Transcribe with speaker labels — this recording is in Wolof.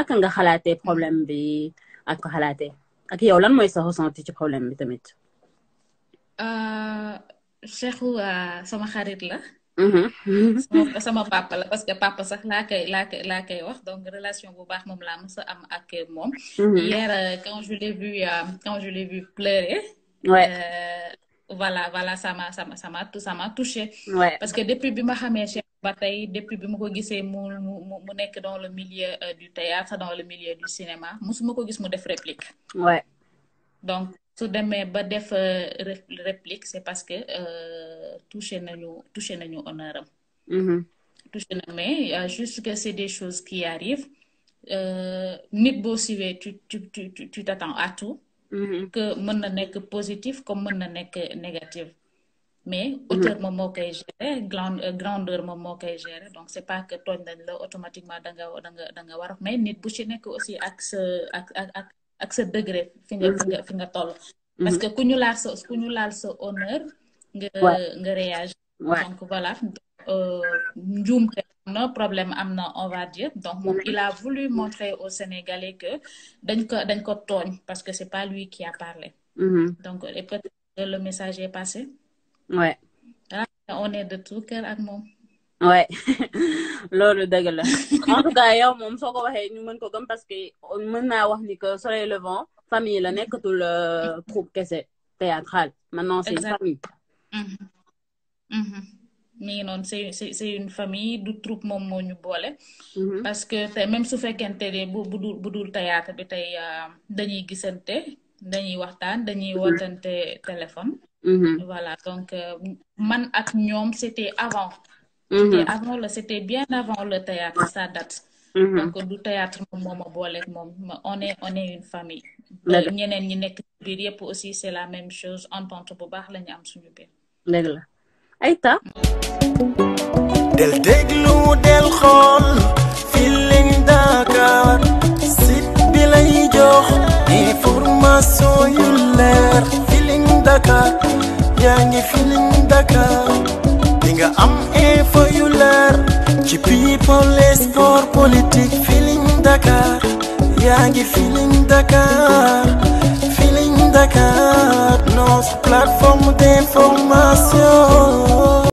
Speaker 1: naka nga xalaatee problème bi ak ko xalaate ak yow lan mooy sa ressenti ci problème bi tamit. Euh, Cheikhou euh, sama xarit la. Mm-hmm. sama sama papa la parce que papa sax laa koy laa koy wax donc relation bu baax moom laa mës a am ak moom. Mm-hmm. Euh, quand je l'ai vu quand je l'ai vu pleurer. ouais. voilà voilà ça sama ça m'a ça m'a ça m'a parce que depuis bi ma xamee Cheikh ba tey depuis bi ma ko gisee mu mu mu nekk dans le milieu euh, du théâtre dans le milieu du cinéma musuma ko gis mu def réplique ouais. donc su demee ba def euh, réplique c'est parce que euh, touché nañu touché nañu honneur am mm-hmm. na mais euh, juste que c'est des choses qui arrivent euh, nit boo siwee tu tu tu tu t'attends à tout Mm-hmm. que mën na nekk positif comme mën na nekk négatif mais mm-hmm. hauteur moom moo koy euh, grandeur moom moo koy gérer donc c'est pas que tooñ nañ la automatiquement da nga da nga da nga war mais nit bu ci nekk aussi ak sa ak ak degré fi nga fi nga mm-hmm. fi nga parce que ku ñu laal sa laal sa honneur nga nga réagir donc voilà euh, no problème am na on va dire donc moom il a voulu montrer aux Sénégalais que dañ ko dañ ko tooñ parce que c'est pas lui qui a parlé mm -hmm. donc le message passé ouais ah, on est de tout cœur ak moom ouais loolu dëgg la yow moom soo parce que mën na wax ni que soleil levant famille la nekkatul euh, mm-hmm. troupe kese théâtrale maintenant c'est famille mm-hmm. Mm-hmm. mi noon noonu c'est une famille du troupe moom moo ñu boole. Mm-hmm. parce que tey même su fekkente ne bu bu dul bu dul théâtre bi tey euh, dañuy gisante dañuy waxtaan dañuy mm-hmm. wootante téléphone. Mm-hmm. voilà donc euh, man ak ñoom c'était avant. c'était avant le c'était bien avant le théâtre saa date. donc du théâtre moom moo ma booleeg moom on est on une famille. ñeneen ñi nekk biir yëpp aussi c'est la même chose entente bu baax la ñu am suñu biir. dëgg la. ay ta del déglu del Dakar site bi Dakar yaa ngi Feeling Dakar nga am ngi Feeling